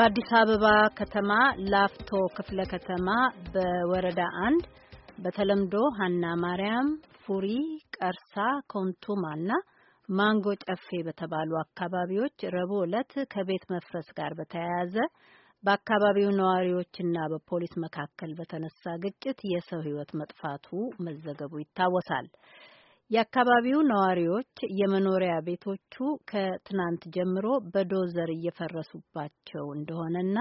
በአዲስ አበባ ከተማ ላፍቶ ክፍለ ከተማ በወረዳ አንድ በተለምዶ ሀና ማርያም፣ ፉሪ፣ ቀርሳ፣ ኮንቱማና ማንጎ ጨፌ በተባሉ አካባቢዎች ረቡዕ ዕለት ከቤት መፍረስ ጋር በተያያዘ በአካባቢው ነዋሪዎችና በፖሊስ መካከል በተነሳ ግጭት የሰው ሕይወት መጥፋቱ መዘገቡ ይታወሳል። የአካባቢው ነዋሪዎች የመኖሪያ ቤቶቹ ከትናንት ጀምሮ በዶዘር እየፈረሱባቸው እንደሆነና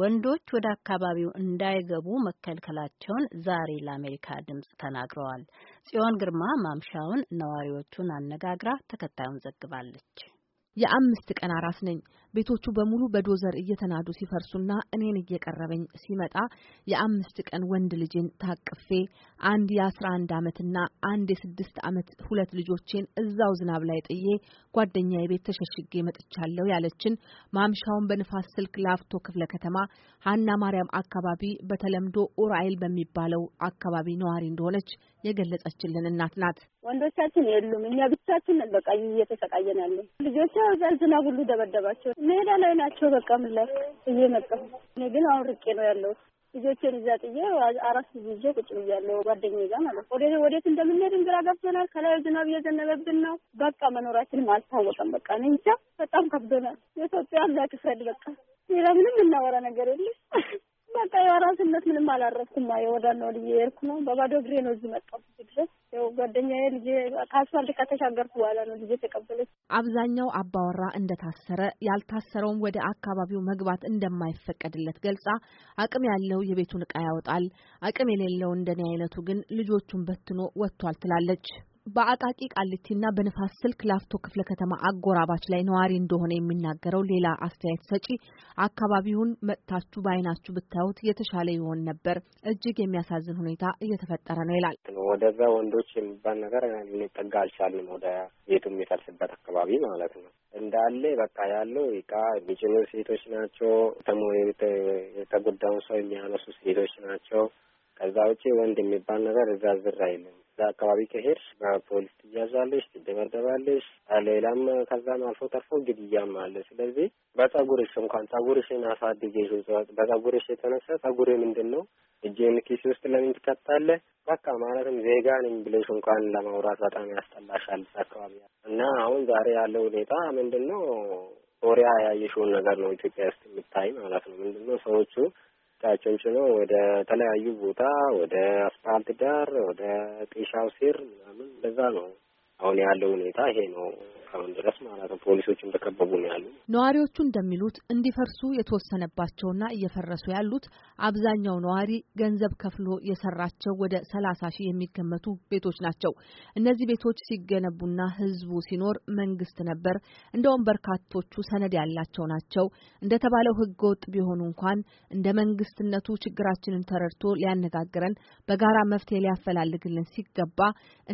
ወንዶች ወደ አካባቢው እንዳይገቡ መከልከላቸውን ዛሬ ለአሜሪካ ድምጽ ተናግረዋል። ጽዮን ግርማ ማምሻውን ነዋሪዎቹን አነጋግራ ተከታዩን ዘግባለች። የአምስት ቀን አራስ ነኝ ቤቶቹ በሙሉ በዶዘር እየተናዱ ሲፈርሱና እኔን እየቀረበኝ ሲመጣ የአምስት ቀን ወንድ ልጅን ታቅፌ አንድ የአስራ አንድ ዓመትና አንድ የስድስት ዓመት ሁለት ልጆቼን እዛው ዝናብ ላይ ጥዬ ጓደኛ የቤት ተሸሽጌ መጥቻለሁ ያለችን ማምሻውን በንፋስ ስልክ ላፍቶ ክፍለ ከተማ ሀና ማርያም አካባቢ በተለምዶ ኡራኤል በሚባለው አካባቢ ነዋሪ እንደሆነች የገለጸችልን እናት ናት። ወንዶቻችን የሉም፣ እኛ ብቻችን በቃ እየተሰቃየን ያለ ልጆች ዘር ዝናብ ሁሉ ደበደባቸው። ሜዳ ላይ ናቸው። በቃ ምን ላይ እየመጣሁ እኔ ግን አሁን ርቄ ነው ያለሁት። ልጆችን እዛ ጥዬ አራት ልጅ ይዤ ቁጭ ብያለሁ፣ ጓደኛዬ ጋር ማለት ነው። ወዴት እንደምንሄድ ግራ ገብቶናል። ከላይ ዝናብ እየዘነበብን ነው። በቃ መኖራችንም አልታወቀም። በቃ እኔ እንጃ በጣም ከብዶናል። የኢትዮጵያ አምላክ ፍረድ። በቃ ሌላ ምንም እናወራ ነገር የለም። በልጅነት ምንም አላረፍኩም። የወዳና ልዬ የሄድኩ ነው። በባዶ እግሬ ነው እዚህ መጣሁ። ድረስ ያው ጓደኛዬ ልጄ ከአስፋልት ከተሻገርኩ በኋላ ነው ልጄ ተቀበለች። አብዛኛው አባወራ እንደታሰረ ያልታሰረውም ወደ አካባቢው መግባት እንደማይፈቀድለት ገልጻ፣ አቅም ያለው የቤቱን እቃ ያወጣል፣ አቅም የሌለው እንደኔ አይነቱ ግን ልጆቹን በትኖ ወጥቷል ትላለች። በአቃቂ ቃሊቲና በንፋስ ስልክ ላፍቶ ክፍለ ከተማ አጎራባች ላይ ነዋሪ እንደሆነ የሚናገረው ሌላ አስተያየት ሰጪ አካባቢውን መጥታችሁ በአይናችሁ ብታዩት የተሻለ ይሆን ነበር፣ እጅግ የሚያሳዝን ሁኔታ እየተፈጠረ ነው ይላል። ወደዛ ወንዶች የሚባል ነገር ልንጠጋ አልቻልንም። ወደ ቤቱ የሚፈልስበት አካባቢ ማለት ነው እንዳለ በቃ ያለው እቃ የሚጭኑ ሴቶች ናቸው። የተጎዳውን ሰው የሚያነሱ ሴቶች ናቸው። ከዛ ውጪ ወንድ የሚባል ነገር እዛ ዝር አይልም። እዛ አካባቢ ከሄድ በፖሊስ ትያዣለሽ፣ ትደበደባለሽ። ሌላም ከዛም አልፎ ተርፎ ግድያም አለ። ስለዚህ በጸጉርሽ እንኳን ጸጉርሽን አሳድጌሽ በጸጉርሽ የተነሳ ጸጉር ምንድን ነው እጄን ኪስ ውስጥ ለምን ትከታለህ? በቃ ማለትም ዜጋ ነኝ ብለሽ እንኳን ለማውራት በጣም ያስጠላሻል አካባቢ እና አሁን ዛሬ ያለው ሁኔታ ምንድን ነው? ሶሪያ ያየሽውን ነገር ነው ኢትዮጵያ ውስጥ የምታይ ማለት ነው። ምንድን ነው ሰዎቹ ጫቸን ችሎ ወደ ተለያዩ ቦታ ወደ አስፋልት ዳር ወደ ጤሻው ሲር ምናምን እንደዛ ነው አሁን ያለው ሁኔታ ይሄ ነው። እስካሁን ድረስ ማለት ነው። ፖሊሶች እንደከበቡ ነው ያሉ። ነዋሪዎቹ እንደሚሉት እንዲፈርሱ የተወሰነባቸውና እየፈረሱ ያሉት አብዛኛው ነዋሪ ገንዘብ ከፍሎ የሰራቸው ወደ ሰላሳ ሺህ የሚገመቱ ቤቶች ናቸው። እነዚህ ቤቶች ሲገነቡና ህዝቡ ሲኖር መንግስት ነበር። እንደውም በርካቶቹ ሰነድ ያላቸው ናቸው። እንደተባለው ህገ ወጥ ቢሆኑ እንኳን እንደ መንግስትነቱ ችግራችንን ተረድቶ ሊያነጋግረን በጋራ መፍትሄ ሊያፈላልግልን ሲገባ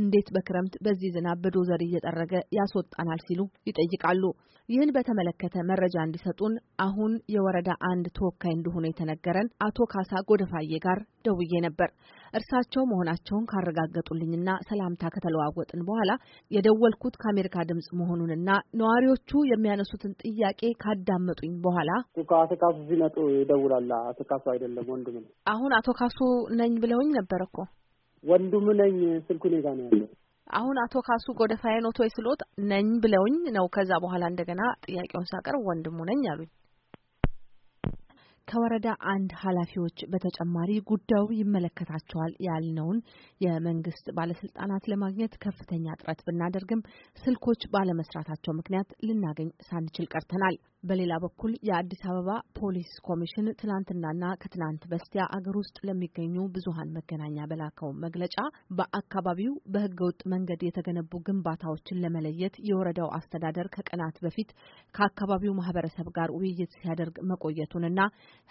እንዴት በክረምት በዚህ ዝናብ በዶዘር እየጠረገ ያስወጣናል? ይሆናል ሲሉ ይጠይቃሉ። ይህን በተመለከተ መረጃ እንዲሰጡን አሁን የወረዳ አንድ ተወካይ እንደሆነ የተነገረን አቶ ካሳ ጎደፋዬ ጋር ደውዬ ነበር። እርሳቸው መሆናቸውን ካረጋገጡልኝና ሰላምታ ከተለዋወጥን በኋላ የደወልኩት ከአሜሪካ ድምጽ መሆኑንና ነዋሪዎቹ የሚያነሱትን ጥያቄ ካዳመጡኝ በኋላ አቶ ካሱ ሲመጡ ይደውላል። አቶ ካሱ አይደለም ወንድም አሁን አቶ ካሱ ነኝ ብለውኝ ነበር እኮ ወንድም ነኝ ስልኩ እኔ ጋ ነው ያለው አሁን አቶ ካሱ ጎደፋዬ ኖት ወይ ስሎት ነኝ ብለውኝ ነው። ከዛ በኋላ እንደገና ጥያቄውን ሳቀርብ ወንድሙ ነኝ አሉኝ። ከወረዳ አንድ ኃላፊዎች በተጨማሪ ጉዳዩ ይመለከታቸዋል ያልነውን የመንግስት ባለስልጣናት ለማግኘት ከፍተኛ ጥረት ብናደርግም ስልኮች ባለመስራታቸው ምክንያት ልናገኝ ሳንችል ቀርተናል። በሌላ በኩል የአዲስ አበባ ፖሊስ ኮሚሽን ትናንትናና ከትናንት በስቲያ አገር ውስጥ ለሚገኙ ብዙሀን መገናኛ በላከው መግለጫ በአካባቢው በህገወጥ መንገድ የተገነቡ ግንባታዎችን ለመለየት የወረዳው አስተዳደር ከቀናት በፊት ከአካባቢው ማህበረሰብ ጋር ውይይት ሲያደርግ መቆየቱንና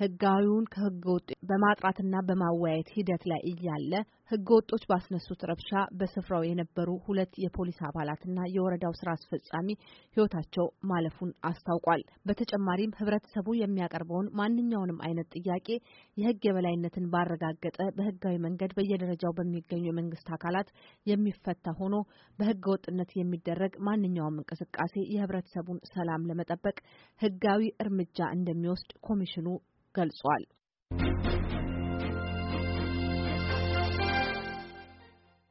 ህጋዊውን ከህገ በማጥራትና በማወያየት ሂደት ላይ እያለ ህገ ወጦች ባስነሱት ረብሻ በስፍራው የነበሩ ሁለት የፖሊስ አባላትና የወረዳው ስራ አስፈጻሚ ህይወታቸው ማለፉን አስታውቋል። በተጨማሪም ህብረተሰቡ የሚያቀርበውን ማንኛውንም አይነት ጥያቄ የህግ የበላይነትን ባረጋገጠ በህጋዊ መንገድ በየደረጃው በሚገኙ የመንግስት አካላት የሚፈታ ሆኖ በህገ ወጥነት የሚደረግ ማንኛውም እንቅስቃሴ የህብረተሰቡን ሰላም ለመጠበቅ ህጋዊ እርምጃ እንደሚወስድ ኮሚሽኑ ገልጿል።